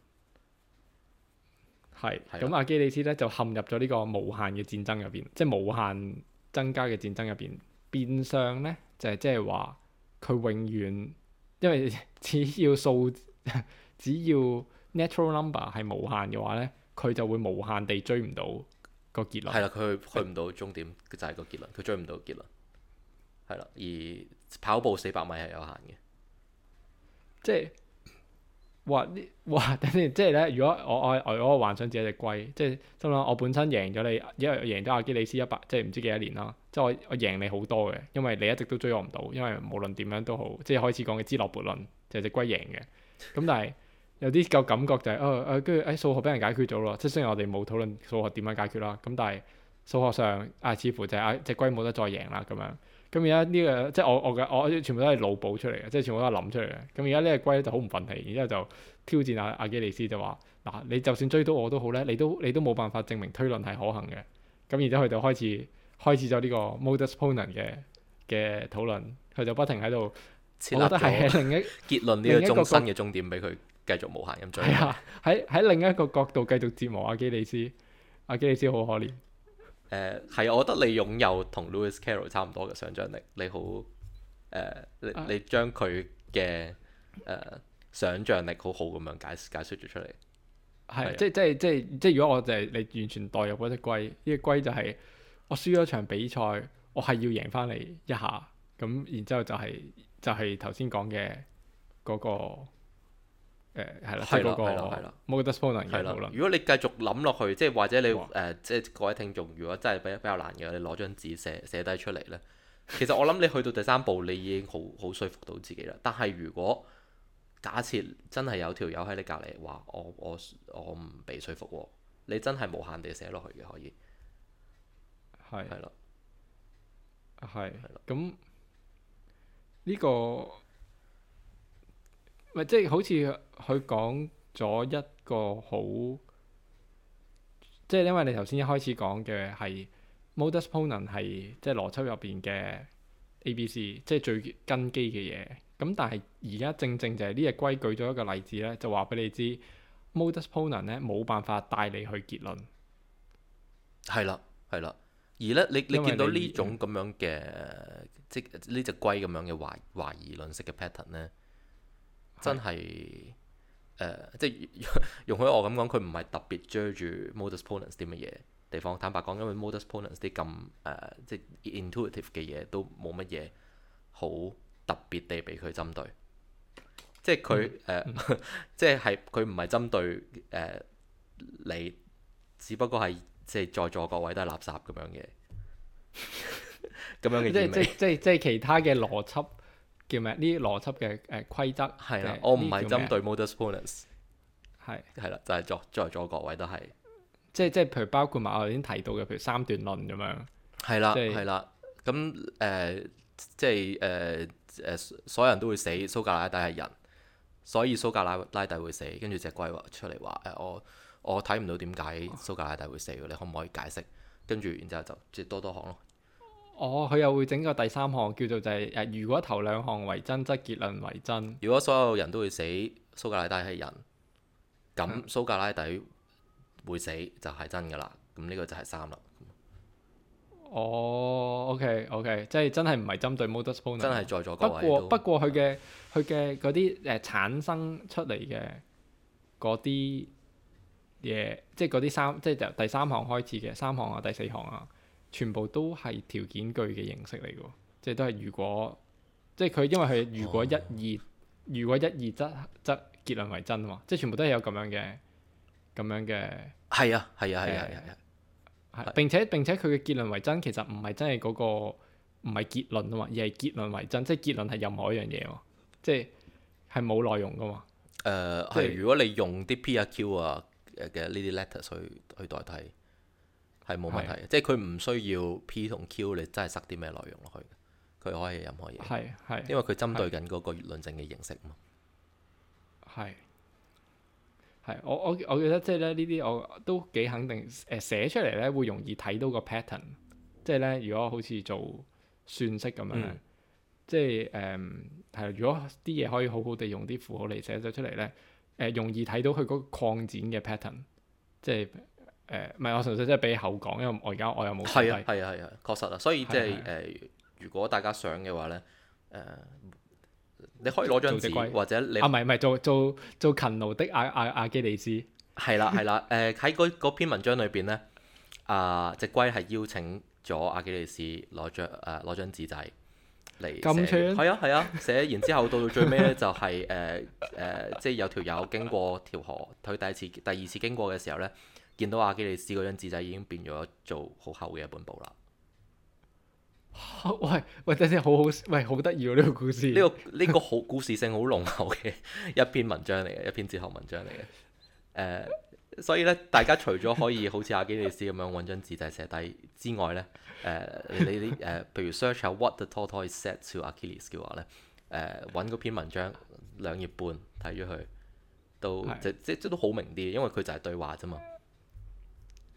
係，咁阿基里斯咧就陷入咗呢個無限嘅戰爭入邊，即係無限增加嘅戰爭入邊。變相咧就係即係話佢永遠，因為只要數只要 natural number 係無限嘅話咧，佢就會無限地追唔到個結論。係啦，佢去唔到終點，就係、是、個結論，佢追唔到個結論。係啦，而跑步四百米係有限嘅，即係。哇！呢哇，等先，即係咧，如果我我我幻想自己隻龜，即係點講？我本身贏咗你，因為我贏咗阿基里斯一百，即係唔知幾多年啦，即係我我贏你好多嘅，因為你一直都追我唔到，因為無論點樣都好，即係開始講嘅芝諾悖論，就係隻龜贏嘅。咁但係有啲夠感覺就係，哦 (laughs) 哦，跟住誒數學俾人解決咗咯，即係雖然我哋冇討論數學點樣解決啦，咁但係數學上啊，似乎就係啊隻龜冇得再贏啦咁樣。咁而家呢個即係我我嘅我全部都係腦補出嚟嘅，即係全部都係諗出嚟嘅。咁而家呢個龜就好唔忿氣，然之後就挑戰阿阿基里斯就話：嗱，你就算追到我都好咧，你都你都冇辦法證明推論係可行嘅。咁然之後佢就開始開始咗呢個 modus ponens 嘅嘅討論，佢就不停喺度，我覺得係喺另一結論呢個中心嘅終點俾佢繼續無限咁追。係啊，喺喺另一個角度繼續折磨阿基里斯，阿基里斯好可憐。誒係，uh, 啊，我覺得你擁有同 Lewis Carroll 差唔多嘅想像力，你好誒，uh，你你將佢嘅誒想像力好好咁樣解解釋咗出嚟。係，uh, 是啊，即即即即如果我就係你完全代入嗰隻龜，呢隻龜就係我輸咗一場比賽，我係要贏翻你一下，咁然之後就係、是、就係頭先講嘅嗰個。誒係啦，係咯、嗯，係、嗯、咯，冇得討論嘅冇啦。如果你繼續諗落去，即係或者你誒嘩、呃，即係各位聽眾，如果真係比比較難嘅，你攞張紙寫寫低出嚟咧。其實我諗你去到第三步，你已經好好說服到自己啦。但係如果假設真係有條友喺你隔籬，話我我我唔被說服喎，你真係無限地寫落去嘅可以。係。係咯。係。係咯。咁呢個？唔，即係好似佢講咗一個好，即係因為你頭先一開始講嘅係 modus ponens 係即係邏輯入邊嘅 A、B、C，即係最根基嘅嘢。咁但係而家正正就係呢隻龜舉咗一個例子咧，就話俾你知 modus ponens 咧冇辦法帶你去結論。係啦，係啦。而咧，你你見到這種這、嗯、呢種咁樣嘅，即係呢隻龜咁樣嘅懷懷疑論式嘅 pattern 咧。真係誒、呃，即係容許我咁講，佢唔係特別遮住 Modus Ponens 啲乜嘢地方。坦白講，因為 Modus Ponens 啲咁誒、呃，即係 intuitive 嘅嘢都冇乜嘢好特別地俾佢針對。即係佢誒，即係係佢唔係針對誒、呃、你，只不過係即係在座各位都係垃圾咁樣嘅，咁 (laughs) 樣嘅即係是即係是即係即係其他嘅邏輯。 (laughs) 叫咩？呢啲邏輯嘅誒規則係啦，呃、的我唔係針對 modus ponens 係係啦，就係作在座各位都係，即係即係譬如包括埋我已經提到嘅，譬如三段論咁樣，係啦係啦，咁誒、就是呃、即係誒誒，所有人都會死，蘇格拉底係人，所以蘇格拉拉底會死。跟住隻龜出嚟話誒，我我睇唔到點解蘇格拉底會死嘅，哦、你可唔可以解釋？跟住然之後就即多多講咯。哦，佢又會整個第三項叫做就係、是、誒，如果頭兩項為真，則結論為真。如果所有人都會死，蘇格拉底係人，咁蘇格拉底會死就係真㗎喇。咁呢個就係三啦。哦，OK，OK，okay, okay, 即係真係唔係針對 Modus Ponens 真係在座各位。不過都 不過佢嘅佢嘅嗰啲誒產生出嚟嘅嗰啲嘢，即係嗰啲三，即係由第三項開始嘅三項啊，第四項啊。全部都係條件句嘅形式嚟㗎，即係都係如果，即係佢因為佢如果一二，哦、如果一二則則，則結論為真嘛，即係全部都係有咁樣嘅咁樣嘅。係啊，係啊，係啊，係啊，係、啊啊。並且並且佢嘅結論為真，其實唔係真係嗰、嗰個唔係結論啊嘛，而係結論為真，即係結論係任何一樣嘢喎，即係係冇內容㗎嘛。誒、呃，啊、即係如果你用啲 P R Q 啊嘅呢啲 letters 去去代替。係冇問題是即係佢唔需要 P 同 Q，你真係塞啲咩內容落去，佢可以任何嘢。係係，因為佢針對緊嗰個論證嘅形式嘛。係係，我我我記得即係咧，呢啲我都幾肯定，誒、呃、寫出嚟咧會容易睇到個 pattern。即係咧，如果好似做算式咁樣，嗯、即係誒係。如果啲嘢可以好好地用啲符號嚟寫咗出嚟咧，誒、呃、容易睇到佢嗰個擴展嘅 pattern。即係。誒，唔係、呃、我純粹即係俾你口講，因為我而家我又冇睇。係啊，係啊，係啊，確實啊，所以即係誒、啊呃，如果大家想嘅話咧，誒、呃，你可以攞張紙或者你啊，唔係唔係做做做勤勞的阿阿阿基里斯。係 (laughs) 啦、啊，係啦、啊，誒喺嗰篇文章裏邊咧，啊、呃、隻龜係邀請咗阿基里斯攞張誒攞張紙仔嚟寫。係錢啊係啊，啊，寫完之後到到最尾咧就係誒誒，即係有條友經過條河，佢第一次第二次，第二次經過嘅時候咧。見到阿基里斯嗰張紙仔已經變咗做好厚嘅一本簿啦。喂喂，真係好好，喂好得意喎！呢、這個故事，呢、這個呢、這個好故事性好濃厚嘅一篇文章嚟嘅，一篇哲學文章嚟嘅。誒、uh,，所以咧，大家除咗可以好似阿基里斯咁樣搵張紙仔寫低之外咧，誒、uh, 你啲，誒、uh,，譬如 search 下 What the tortoise said to Achilles 嘅話咧，誒搵嗰篇文章兩頁半睇咗佢，都是即即即都好明啲，因為佢就係對話啫嘛。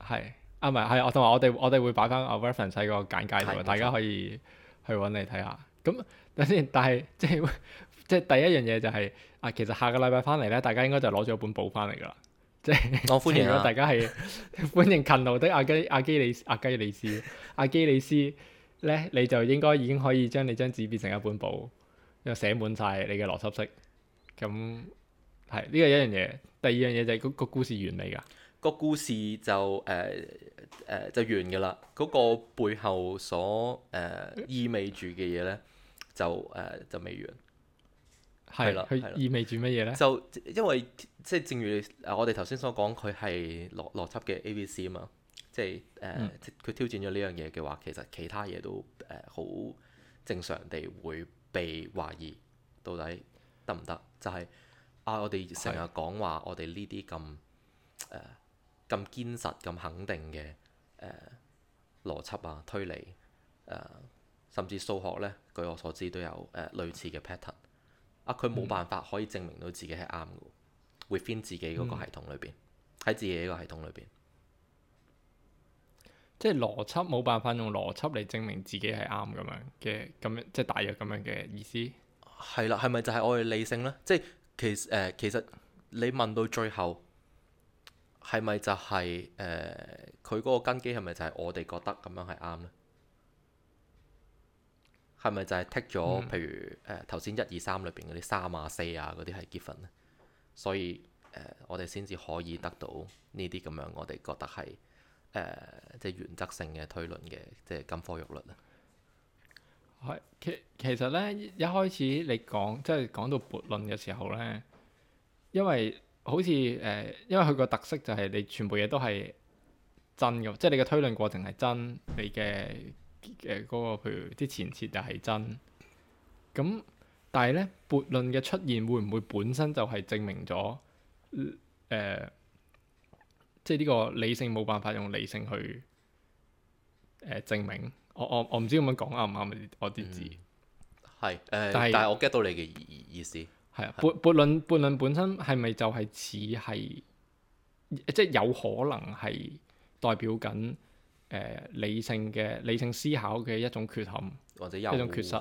係，啊唔係，係我同埋我哋，我哋會擺翻阿 Veron 喺個簡介度，的大家可以去揾你睇下。咁但係即係即係第一樣嘢就係、是，啊其實下個禮拜翻嚟呢，大家應該就攞咗本簿翻嚟噶啦。即係、哦，歡迎、啊、大家係歡迎勤路的阿基阿基里斯阿基里斯 (laughs) 阿基里斯咧，你就應該已經可以將你張紙變成一本簿，又寫滿晒你嘅邏輯式。咁係呢個一樣嘢，第二樣嘢就係、是、個故事原理噶。個故事就誒誒、呃呃、就完㗎喇，嗰、那個背後所誒、呃、意味住嘅嘢咧，就誒、呃、就未完，係啦是，意味住乜嘢咧？就因為即係正如我哋頭先所講，佢係邏邏輯嘅 A B C 啊嘛，即係誒，佢、呃嗯、挑戰咗呢樣嘢嘅話，其實其他嘢都誒好、呃、正常地會被懷疑到底得唔得？就係、是、啊，我哋成日講話我哋呢啲咁誒、呃咁堅實、咁肯定嘅誒邏輯啊、推理、呃、甚至數學呢，據我所知都有誒、呃、類似嘅 pattern。佢、啊、冇辦法可以證明到自己係啱嘅 within 自己嗰個系統裏邊，喺、嗯、自己呢個系統裏邊，即係邏輯冇辦法用邏輯嚟證明自己係啱咁樣嘅，咁樣即係大約咁樣嘅意思。係啦，係咪就係我哋理性呢？即係其實誒、呃，其實你問到最後。係咪就係誒佢嗰個根基係咪就係我哋覺得咁樣係啱呢？係咪就係 take 咗譬如誒頭先一二三裏邊嗰啲三啊四啊嗰啲係 given，咧？所以誒、呃、我哋先至可以得到呢啲咁樣我哋覺得係誒、呃、即係原則性嘅推論嘅即係金科玉律啊！係，其其實咧一開始你講即係、就是、講到悖論嘅時候咧，因為好似誒、呃，因為佢個特色就係你全部嘢都係真嘅，即係你嘅推論過程係真，你嘅誒嗰個譬如啲前設就係真。咁但係咧，悖論嘅出現會唔會本身就係證明咗誒、呃，即係呢個理性冇辦法用理性去誒、呃、證明。我我我唔知咁樣講啱唔啱，我啲字係誒，合合嗯呃、但係是我 get 到你嘅意意思。悖悖論，悖論本身係咪就係似係，即、就、係、是、有可能係代表緊誒、呃、理性嘅理性思考嘅一種缺陷，或者一種缺失。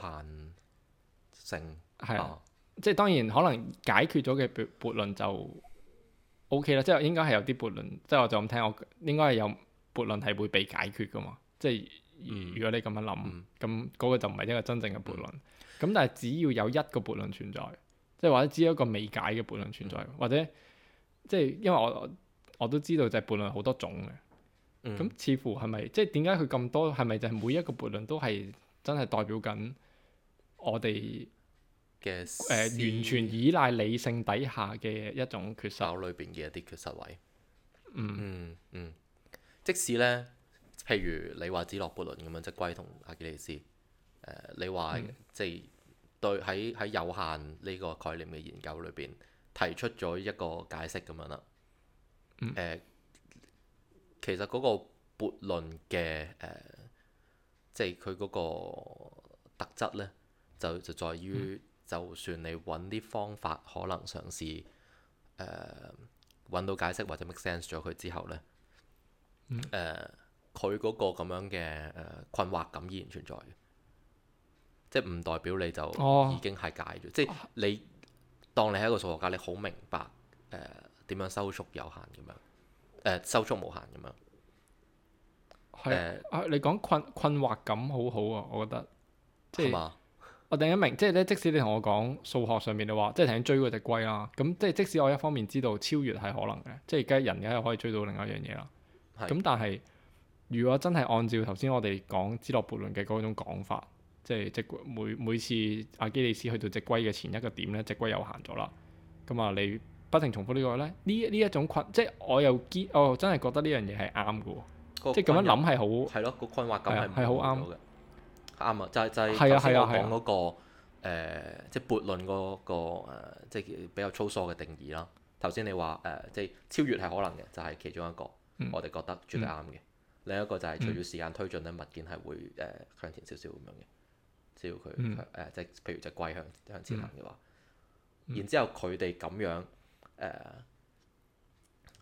性係的，哦、即係當然可能解決咗嘅悖論就 O K 啦，即係應該係有啲悖論，即係我就咁聽，我應該係有悖論係會被解決噶嘛，即係如果你咁樣諗，咁嗰、嗯、個就唔係一個真正嘅悖論，咁、嗯、但係只要有一個悖論存在。即係或者只有一個未解嘅悖論存在，嗯、或者即係、就是、因為我我，我都知道就係悖論好多種嘅，咁、嗯、似乎係咪即係點解佢咁多係咪就係每一個悖論都係真係代表緊我哋嘅誒完全依賴理性底下嘅一種缺失，腦裏邊嘅一啲缺失位。嗯嗯嗯。即使咧，譬如你話芝諾悖論咁樣，即係龜同阿基里斯，誒、呃、你話即係。嗯對，喺喺有限呢個概念嘅研究裏邊，提出咗一個解釋咁樣啦、嗯呃。其實嗰個悖論嘅即係佢嗰個特質呢，就就在於，嗯、就算你揾啲方法可能嘗試揾到解釋或者 make sense 咗佢之後呢，佢嗰、嗯呃、個咁樣嘅困惑感依然存在即係唔代表你就已經係解咗，即係你當你係一個數學家，你好明白誒點樣收縮有限咁樣，誒收縮無限咁樣。係啊，你講困困惑感好好啊，我覺得。係嘛？我突然間明，即係咧，即使你同我講數學上面嘅話，即係頭先追嗰隻龜啦，咁即係即使我一方面知道超越係可能嘅，即係而家人嘅又可以追到另一樣嘢啦。咁但係如果真係按照頭先我哋講芝諾悖論嘅嗰種講法。即係只每每次阿基里斯去到隻龜嘅前一個點咧，隻龜又行咗啦。咁啊，你不停重複個呢個咧，呢呢一種困，即係我又堅，我真係覺得呢樣嘢係啱嘅喎。即係咁樣諗係好係咯，個困惑感係係好啱啱啊，就係就係頭先我講嗰個誒，即係悖論嗰個、呃、即係比較粗疏嘅定義啦。頭先你話誒、呃，即係超越係可能嘅，就係、是、其中一個、嗯、我哋覺得絕對啱嘅。另一個就係隨住時間推進咧，物件係會誒向前少少咁樣嘅。嗯嗯照佢誒，即係、mm. 啊、譬如隻龜向向前行嘅話，mm. 然之後佢哋咁樣誒誒、呃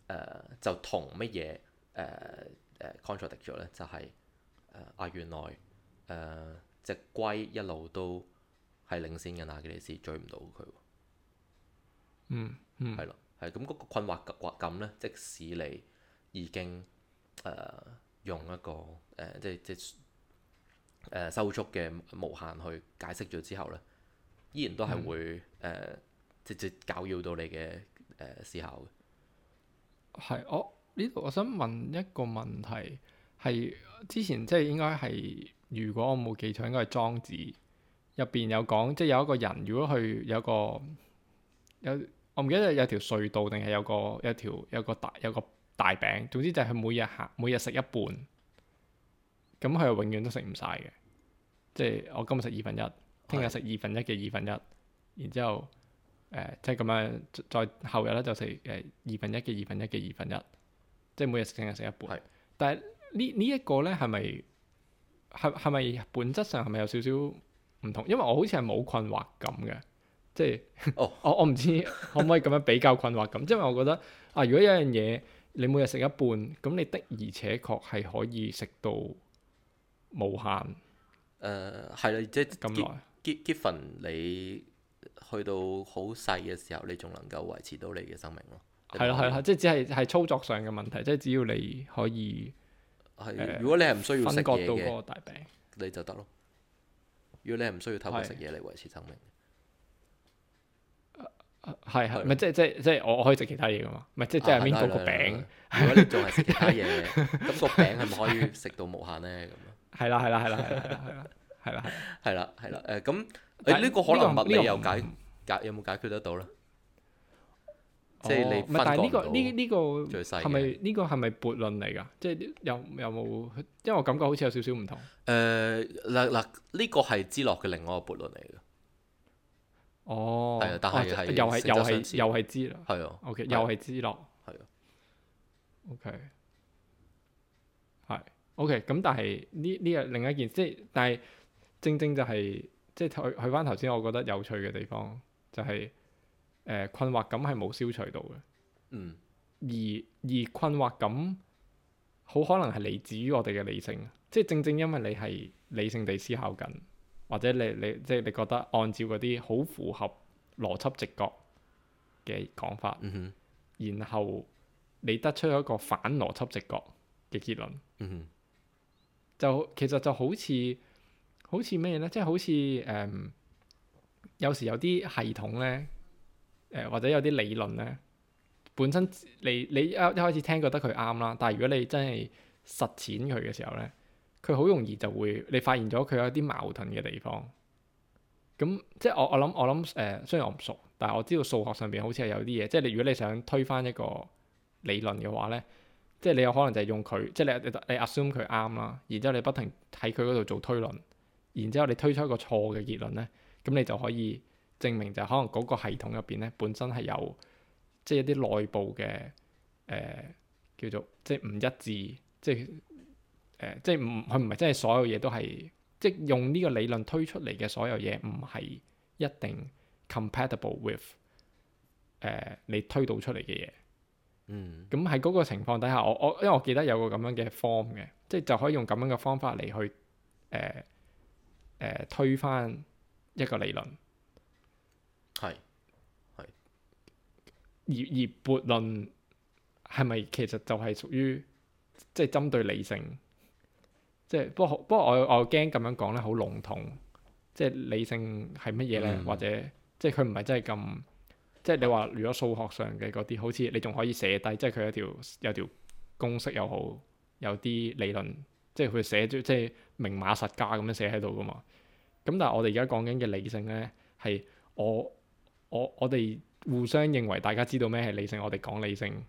呃，就同乜嘢誒誒 contradictory 咧？就係、是、誒、呃、啊，原來誒隻、呃、龜一路都係領先嘅、mm. mm. 嗯，阿基里斯追唔到佢。嗯嗯，係咯，係咁嗰個困惑惑，惑感咧，即使你已經誒、呃、用一個誒、呃，即係即係。即誒、呃、收束嘅無限去解釋咗之後咧，依然都係會誒、嗯呃、直接搞擾到你嘅誒、呃、思考嘅。係，哦，呢度我想問一個問題，係之前即係應該係，如果我冇記錯，應該係莊子入邊有講，即、就、係、是、有一個人，如果去有個有我唔記得有條隧道定係有個有條有個大有個大餅，總之就係佢每日下每日食一半。咁佢又永遠都食唔晒嘅，即係我今日食二分一的，聽日食二分一嘅二分一，然之後誒即係咁樣再後日咧就食誒二分一嘅二分一嘅二分一，即係每日食淨係食一半。的但係、這個、呢呢一個咧係咪係係咪本質上係咪有少少唔同？因為我好似係冇困惑感嘅，即係、oh. (laughs) 我我唔知可唔可以咁樣比較困惑感。 (laughs) 因為我覺得啊，如果有樣嘢你每日食一半，咁你的而且確係可以食到。無限誒，係啦、呃，即係 given 你去到好細嘅時候，你仲能夠維持到你嘅生命咯。係咯，係咯，即係只係係操作上嘅問題，即係只要你可以係、嗯，如果你係唔需要分割到嗰個大餅，你就得咯。如果你係唔需要透過食嘢嚟維持生命，係係咪即係即係即係，我的、即係即係、我可以食其他嘢噶嘛？唔係，即係啊、即係就係搵嗰個餅。 (laughs) 如果你仲係食其他嘢，咁 (laughs) 個餅係咪可以食到無限咧？係啦，係啦，係啦，係啦，係啦，係啦，係啦，係啦，係啦。誒咁，誒呢個可能物理有解解有冇解決得到咧？即係你，唔係？但係呢個呢呢個係咪呢個係咪悖論嚟㗎？即係有有冇？因為我感覺好似有少少唔同。誒嗱嗱，呢個係芝諾嘅另外一個悖論嚟嘅。哦，係啊，但係又係又係又係芝諾。係啊，OK，又係芝諾。係啊，OK。OK，咁但係呢呢又另一件事，即係但係，正正就係即係去去翻頭先，我覺得有趣嘅地方就係誒困惑感係冇消除到嘅，嗯，而而困惑感好可能係嚟自於我哋嘅理性，即係正正因為你係理性地思考緊，或者你你即係你覺得按照嗰啲好符合邏輯直覺嘅講法，嗯哼，然後你得出咗一個反邏輯直覺嘅結論，嗯哼。就其實就好似好似咩呢？即係好似誒、嗯，有時有啲系統呢，誒、呃、或者有啲理論呢，本身你你一一開始聽覺得佢啱啦，但係如果你真係實踐佢嘅時候呢，佢好容易就會你發現咗佢有啲矛盾嘅地方。咁即係我我諗我諗誒、呃，雖然我唔熟，但係我知道數學上邊好似係有啲嘢，即係你如果你想推翻一個理論嘅話呢。即係你有可能就係用佢，即係你你你 assume 佢啱啦，然之後你不停喺佢嗰度做推論，然之後你推出一個錯嘅結論咧，咁你就可以證明就可能嗰個系統入邊咧本身係有即係、就是、一啲內部嘅誒、呃、叫做即係唔一致，即係誒、呃、即係唔佢唔係即係所有嘢都係即係用呢個理論推出嚟嘅所有嘢唔係一定 compatible with 誒、呃、你推導出嚟嘅嘢。嗯，咁喺嗰個情況底下，我我因為我記得有個咁樣嘅 form 嘅，即係就可以用咁樣嘅方法嚟去誒誒、呃呃、推翻一個理論，係係而而辯論係咪其實就係屬於即係、就是、針對理性，即、就、係、是、不過不過我我驚咁樣講咧，好籠統，即係理性係乜嘢咧，或者即係佢唔係真係咁。即係你話，如果數學上嘅嗰啲，好似你仲可以寫低，即係佢有條有條公式又好，有啲理論，即係佢寫住，即係明碼實價咁樣寫喺度㗎嘛。咁但係我哋而家講緊嘅理性呢，係我我我哋互相認為大家知道咩係理性，我哋講理性，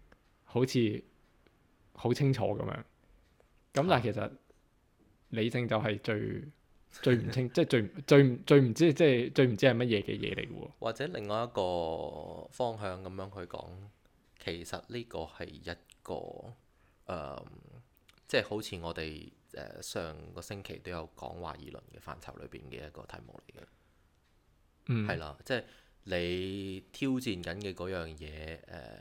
好似好清楚咁樣。咁但係其實理性就係最～最唔清， (laughs) 即係最最唔最唔知，即係最唔知係乜嘢嘅嘢嚟嘅喎。或者另外一個方向咁樣去講，其實呢個係一個誒、呃，即係好似我哋誒上個星期都有講話議論嘅範疇裏邊嘅一個題目嚟嘅。嗯，係啦，即係你挑戰緊嘅嗰樣嘢，誒、呃，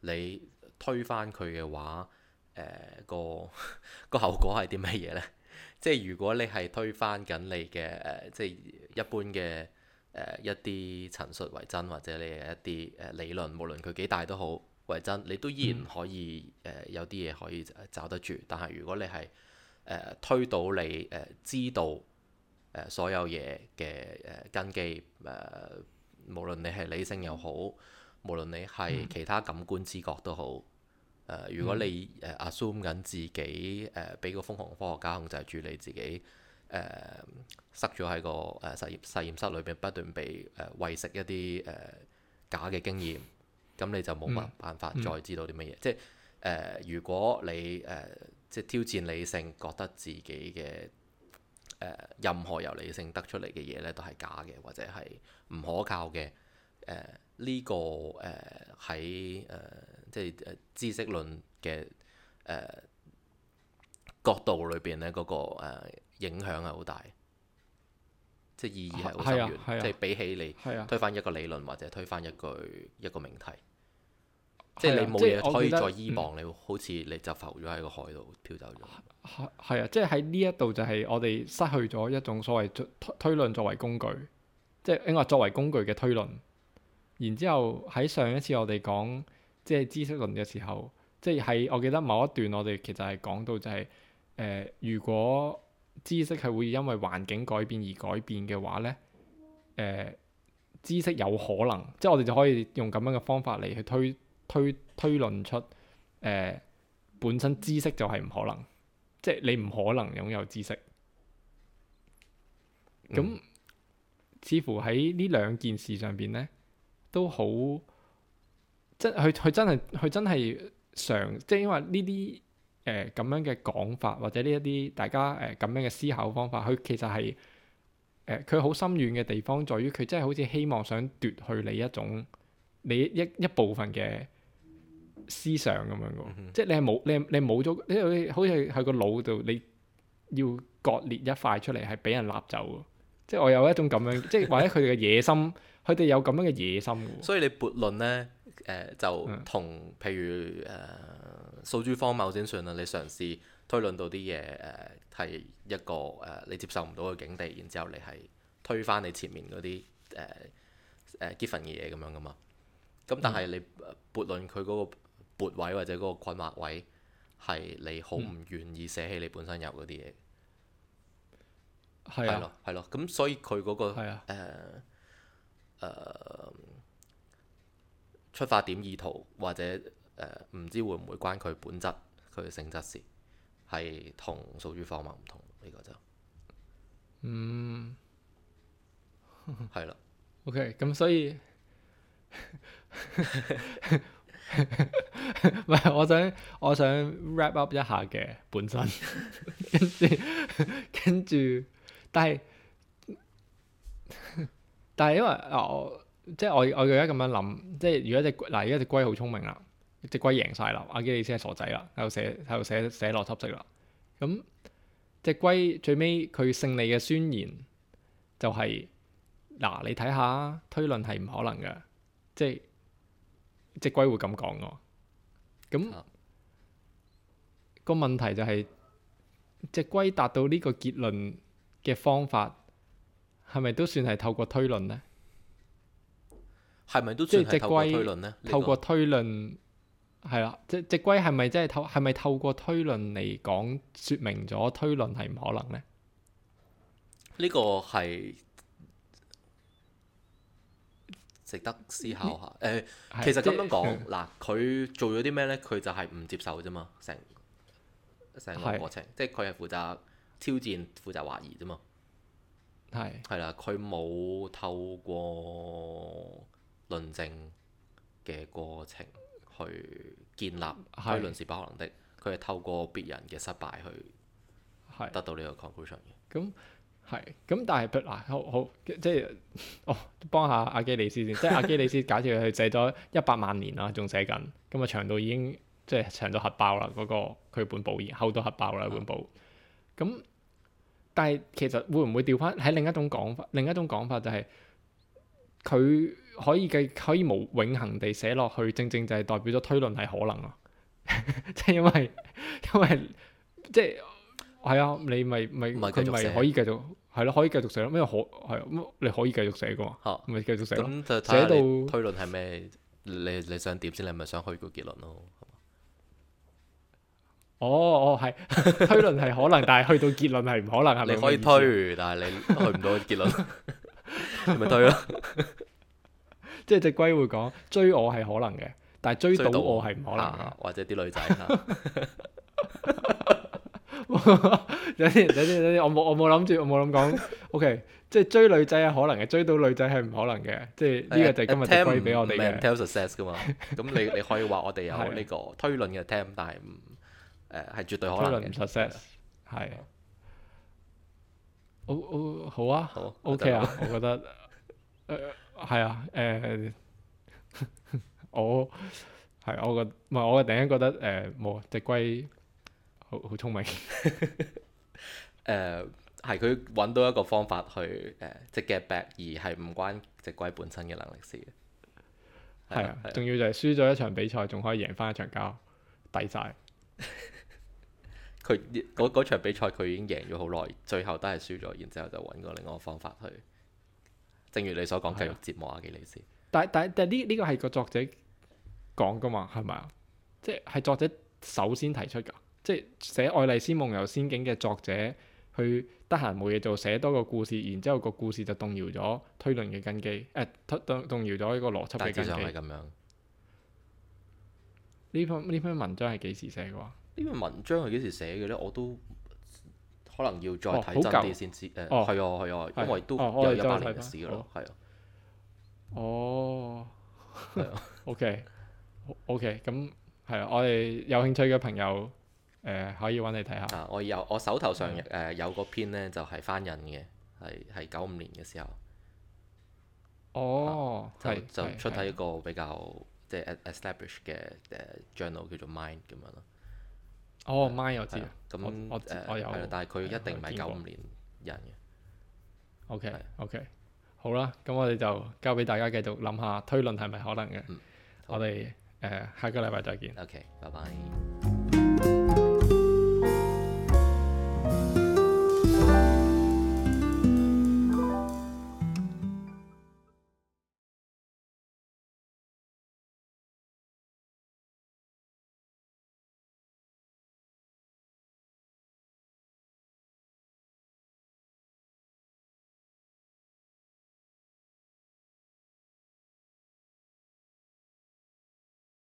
你推翻佢嘅話，誒、呃，個呵呵個後果係啲乜嘢咧？即係如果你係推翻緊你嘅誒、呃，即係一般嘅誒、呃、一啲陳述為真，或者你嘅一啲誒理論，無論佢幾大都好為真，你都依然可以誒、呃、有啲嘢可以找得住。但係如果你係誒、呃、推倒你誒知道誒、呃、所有嘢嘅誒根基誒、呃，無論你係理性又好，無論你係其他感官知覺都好。嗯誒，uh, 如果你誒、uh, assume 緊自己誒，俾、uh, 個瘋狂科學家控制住你自己，誒、uh，塞咗喺個誒實驗實驗室裏邊，不斷被誒餵、uh, 食一啲誒、uh, 假嘅經驗，咁你就冇乜辦法再知道啲乜嘢。嗯嗯、即係誒，uh, 如果你誒、uh, 即係挑戰理性，覺得自己嘅誒、uh, 任何由理性得出嚟嘅嘢咧，都係假嘅，或者係唔可靠嘅。誒呢、uh, 呢個誒喺誒即係誒、uh, 知識論嘅誒、uh, 角度裏邊咧，嗰、uh, 個影響係好大，即係意義係好深遠。啊、即係比起你推翻一個理論或者推翻一句一個命題，啊、即係你冇嘢可以再依傍，啊嗯、你好似你就浮咗喺個海度漂走咗、嗯。係啊，啊，即係喺呢一度就係我哋失去咗一種所謂推推論作為工具，即係應該作為工具嘅推論。然之後喺上一次我哋講即係知識論嘅時候，即係喺我記得某一段我哋其實係講到就係、是、誒、呃，如果知識係會因為環境改變而改變嘅話呢誒、呃、知識有可能，即係我哋就可以用咁樣嘅方法嚟去推推推論出誒、呃、本身知識就係唔可能，即係你唔可能擁有知識。咁、嗯、似乎喺呢兩件事上邊呢。都好，真佢佢真係佢真係常，即係因為呢啲誒咁樣嘅講法，或者呢一啲大家誒咁、呃、樣嘅思考方法，佢其實係誒佢好深遠嘅地方，在於佢真係好似希望想奪去你一種你一一、一部分嘅思想咁樣嘅，嗯、即係你係冇你你冇咗，因為好似佢個腦度你要割裂一塊出嚟，係俾人擸走嘅，即係我有一種咁樣，即係或者佢哋嘅野心。 (laughs) 佢哋有咁樣嘅野心、嗯，所以你辯論呢，誒、呃、就同譬如誒、呃、訴諸荒謬先算啦，你嘗試推論到啲嘢誒係一個誒、呃、你接受唔到嘅境地，然之後你係推翻你前面嗰啲誒誒嘅嘢咁樣噶嘛？咁、嗯、但係你辯論佢嗰個辯位或者嗰個困惑位，係你好唔願意捨棄你本身有嗰啲嘢，係咯係咯，咁所以佢嗰、個誒 Uh, 出發點意圖或者唔、uh, 知會唔會關佢本質，佢嘅性質事係同屬於方碼唔同，呢個就嗯係啦的，OK，咁所以唔係 (laughs) (laughs) (laughs) 我想我想 wrap up 一下嘅 (laughs) 本身， (laughs) 跟住跟住但係。但係因為啊，我即係我我而家咁樣諗，即係如果隻龜嗱而家隻龜好聰明啦，隻龜贏晒啦，阿基里斯係傻仔啦，喺度寫喺度寫寫邏輯式啦。咁隻龜最尾佢勝利嘅宣言就係、是、嗱、啊，你睇下推論係唔可能嘅，即係隻龜會咁講㗎。咁、那個問題就係、是、隻龜達到呢個結論嘅方法。係咪都算係透過推論呢？係咪都即係透過推論咧？透過推論係啦，即係只隻龜係咪即係透？係咪透過推論嚟講說明咗推論係唔可能呢？呢個係值得思考下。誒、嗯欸，其實咁樣講嗱，佢、就是、做咗啲咩呢？佢就係唔接受啫嘛，成成個過程，的即係佢係負責挑戰、負責懷疑啫嘛。係，係啦，佢冇透過論證嘅過程去建立，推論是不可能的。佢係的透過別人嘅失敗去，係得到呢個 conclusion 嘅。咁，係，咁但係，嗱、啊，好好，即係，哦，幫下阿基里斯先，即係阿基里斯， (laughs) 假設佢寫咗一百萬年啦，仲寫緊，咁啊長到已經即係長到核爆啦，嗰、那個佢本簿，已厚到核爆啦，本簿。咁、啊。但係其實會唔會調翻喺另一種講法？另一種講法就係、是、佢可以嘅可以無永恒地寫落去，正正就係代表咗推論係可能咯。 (laughs) 即係因為因為即係係啊，你咪咪佢咪可以繼續係咯、啊，可以繼續寫咯。因為可係咁、啊，你可以繼續寫噶嘛，咪、啊、繼續寫。咯。寫到推論係咩到？你你想點先？你咪想去個結論咯？ (music) 哦，哦係推論係可能，但係去到結論係唔可能啊！ (music) 你可以推，但係你去唔到結論，咪推咯。即係隻龜會講追我係可能嘅，但係追到我係唔可能 (music) 。或者啲女仔，有啲有啲有啲，我冇我冇諗住，我冇諗講。O K，即係追女仔係可能嘅，追到女仔係唔可能嘅。即係呢個就今日隻龜俾我哋嘅。Tell 咁 (music) (music) (music) 你你可以話我哋有呢個推論嘅 tem，但係唔。誒，係、呃、絕對可能嘅。可能唔 success，係。好，好，好啊。好。O K、嗯、啊，我覺得。誒、呃，係啊。誒、呃啊呃 (laughs) 啊，我係我覺得，唔、呃、係我突然間覺得誒，冇隻龜好好聰明。誒、 (laughs) 呃，係佢搵到一個方法去誒，即係 get back 而係唔關隻龜本身嘅能力事嘅。係啊。仲、啊啊、要就係輸咗一場比賽，仲可以贏翻一場交，抵晒。 (laughs) 佢嗰場比賽佢已經贏咗好耐，最後都係輸咗，然之後就揾個另外一個方法去。正如你所講，繼續折磨阿基里斯。但但但呢呢個係個作者講噶嘛？係咪啊？即係作者首先提出噶，即係寫《愛麗絲夢遊仙境》嘅作者去得閒冇嘢做，寫多個故事，然之後個故事就動搖咗推論嘅根基，誒、呃，動動動搖咗呢個邏輯嘅根基。係就係咁樣。呢篇呢篇文章係幾時寫嘅啊？呢篇文章係幾時寫嘅咧？我都可能要再睇真啲先知。誒，係啊，係啊，因為都有一百年歷史咯。係啊。哦。係啊。O K，O K，咁係啊。我哋有興趣嘅朋友誒，可以搵你睇下。我有我手頭上誒有個篇咧，就係翻印嘅，係係九五年嘅時候。哦。就就出喺一個比較即係 establish 嘅誒 journal 叫做 Mind 咁樣咯。哦，My 我知，我我有，但係佢一定唔係九五年人嘅。OK，OK，好啦，咁我哋就交俾大家繼續諗下推論係咪可能嘅。我哋誒下個禮拜再見。OK，拜拜。